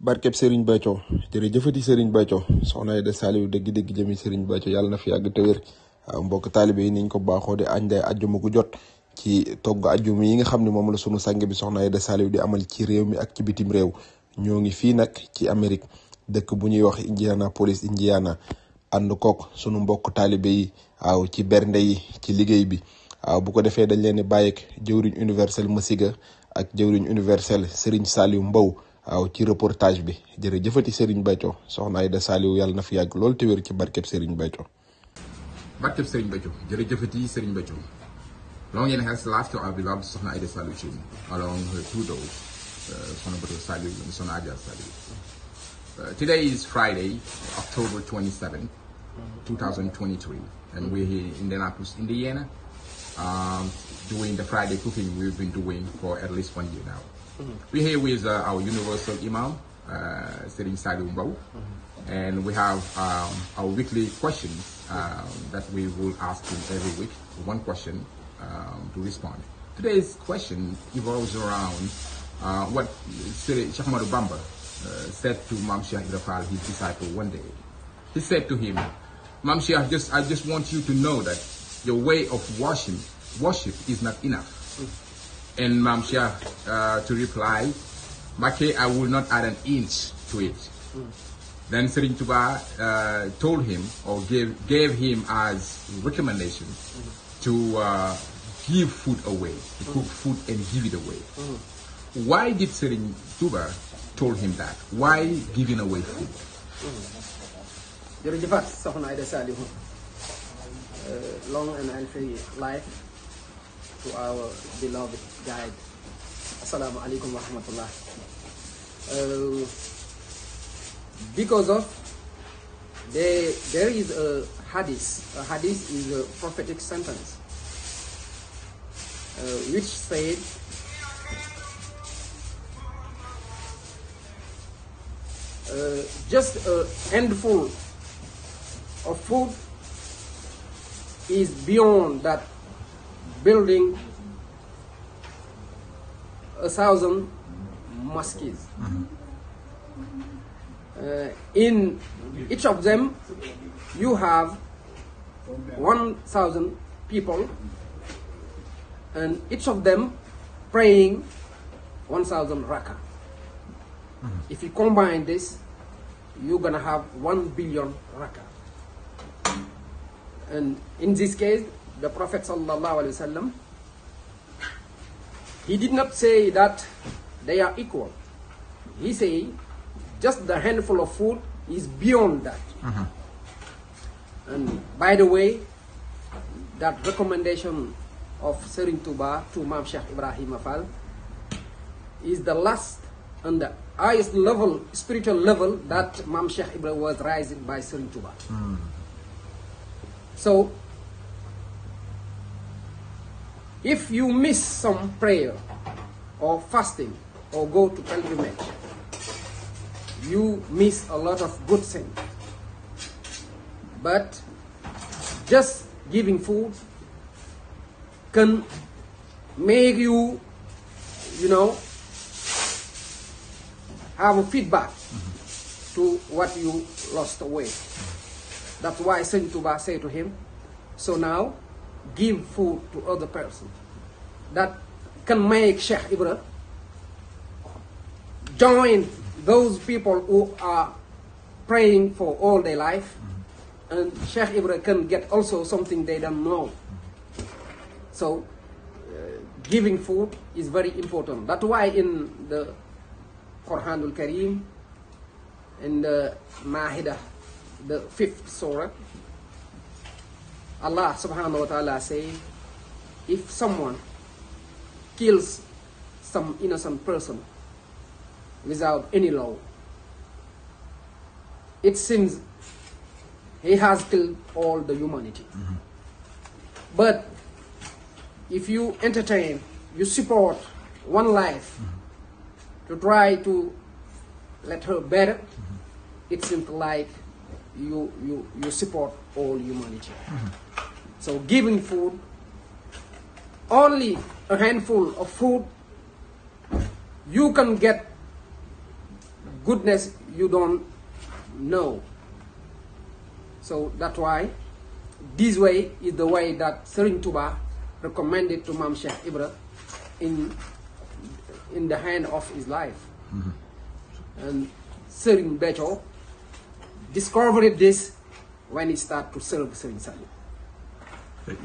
barkeb Serigne Bacco jërëjëfati Serigne Bacco soxna Aida Saliou dëgg-dëgg jëmi Serigne Bacco yàlla na fi yàgg te wér mbokk taalibe yi niñ ko baaxoo di añ day ajjuma gu jot ci togg ajjuma yi nga xam ne moom la sunu sang bi soxna Aida Saliou di amal ci réew mi ak ci bitim réew ñoo ngi fii nag ci Amérique dëkk bu ñuy wax Indianapolis Indiana ànd kook sunu mbokk taalibe yi waaw ci bernde yi ci liggéey bi waaw bu ko defee dañ leen di bàyyeek jëwriñ universel Masiga ak jëwriñ universel Serigne Saliou Mbow waaw ci reportage bi jërëjëfati Serigne Béthio soxna Aïda Saliou yàlla na fi yàgg lool te wér ci barkeb Serigne Béthio. barkeb Serigne Béthio jërëjëfati Serigne Béthio. Long in has life to our beloved Sohna Aida Saliou Chidin, along her two daughters, uh, Sohna Bato Saliou and Sohna Aida Saliou. Uh, today is Friday, October 27, 2023, and we're here in Indianapolis, Indiana, um, doing the Friday cooking we've been doing for at least one year now hmm We're here with uh, our Universal Imam, uh, sitting mm-hmm. and we have um, our weekly questions um, that we will ask him every week, one question um, to respond. Today's question evolves around uh, what Sheikh Ahmad Bamba uh, said to Mam Shah his disciple, one day. He said to him, Mam just, I just want you to know that your way of worship, worship is not enough. Mm-hmm and Mam uh, to reply, Maki, I will not add an inch to it. Mm. Then Sri uh, told him or gave, gave him as recommendation mm. to uh, give food away, to cook hmm. food and give it away. Hmm. Why did Sri told him that? Why giving away food? Hmm. During the uh, long and healthy life to our beloved guide. Assalamu alaikum wa rahmatullah. Uh, because of there, there is a hadith. A hadith is a prophetic sentence uh, which said uh, just a handful of food is beyond that building a thousand mosques. Uh, in each of them, you have 1,000 people, and each of them praying 1,000 rakah. If you combine this, you're gonna have 1 billion raka, And in this case, the Prophet وسلم, he did not say that they are equal. He say just the handful of food is beyond that. Mm -hmm. And by the way, that recommendation of Serin Tuba to Imam Sheikh Ibrahim Afal is the last and the highest level, spiritual level that Imam Sheikh Ibrahim was raised by Serin Tuba. Mm. So if you miss some prayer or fasting or go to pilgrimage, you miss a lot of good things. But just giving food can make you, you know, have a feedback to what you lost away. That's why Saint Tuba said to him, so now give food to other person that can make Sheikh Ibrahim join those people who are praying for all their life and Sheikh Ibrahim can get also something they don't know. So uh, giving food is very important. That's why in the Quran al Kareem, in the Mahida, the fifth surah, Allah subhanahu wa ta'ala say, if someone kills some innocent person without any law, it seems he has killed all the humanity. Mm -hmm. But if you entertain, you support one life mm -hmm. to try to let her better, mm -hmm. it seems like you, you, you support all humanity. Mm-hmm. So giving food, only a handful of food, you can get goodness you don't know. So that's why this way is the way that Serin Tuba recommended to Mam Sheikh Ibra in, in the hand of his life. Mm -hmm. And Serin Becho discovered this when he started to serve Serin Salim.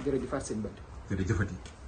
jërëjëf Fatou Seye Mbacke jërëjëfati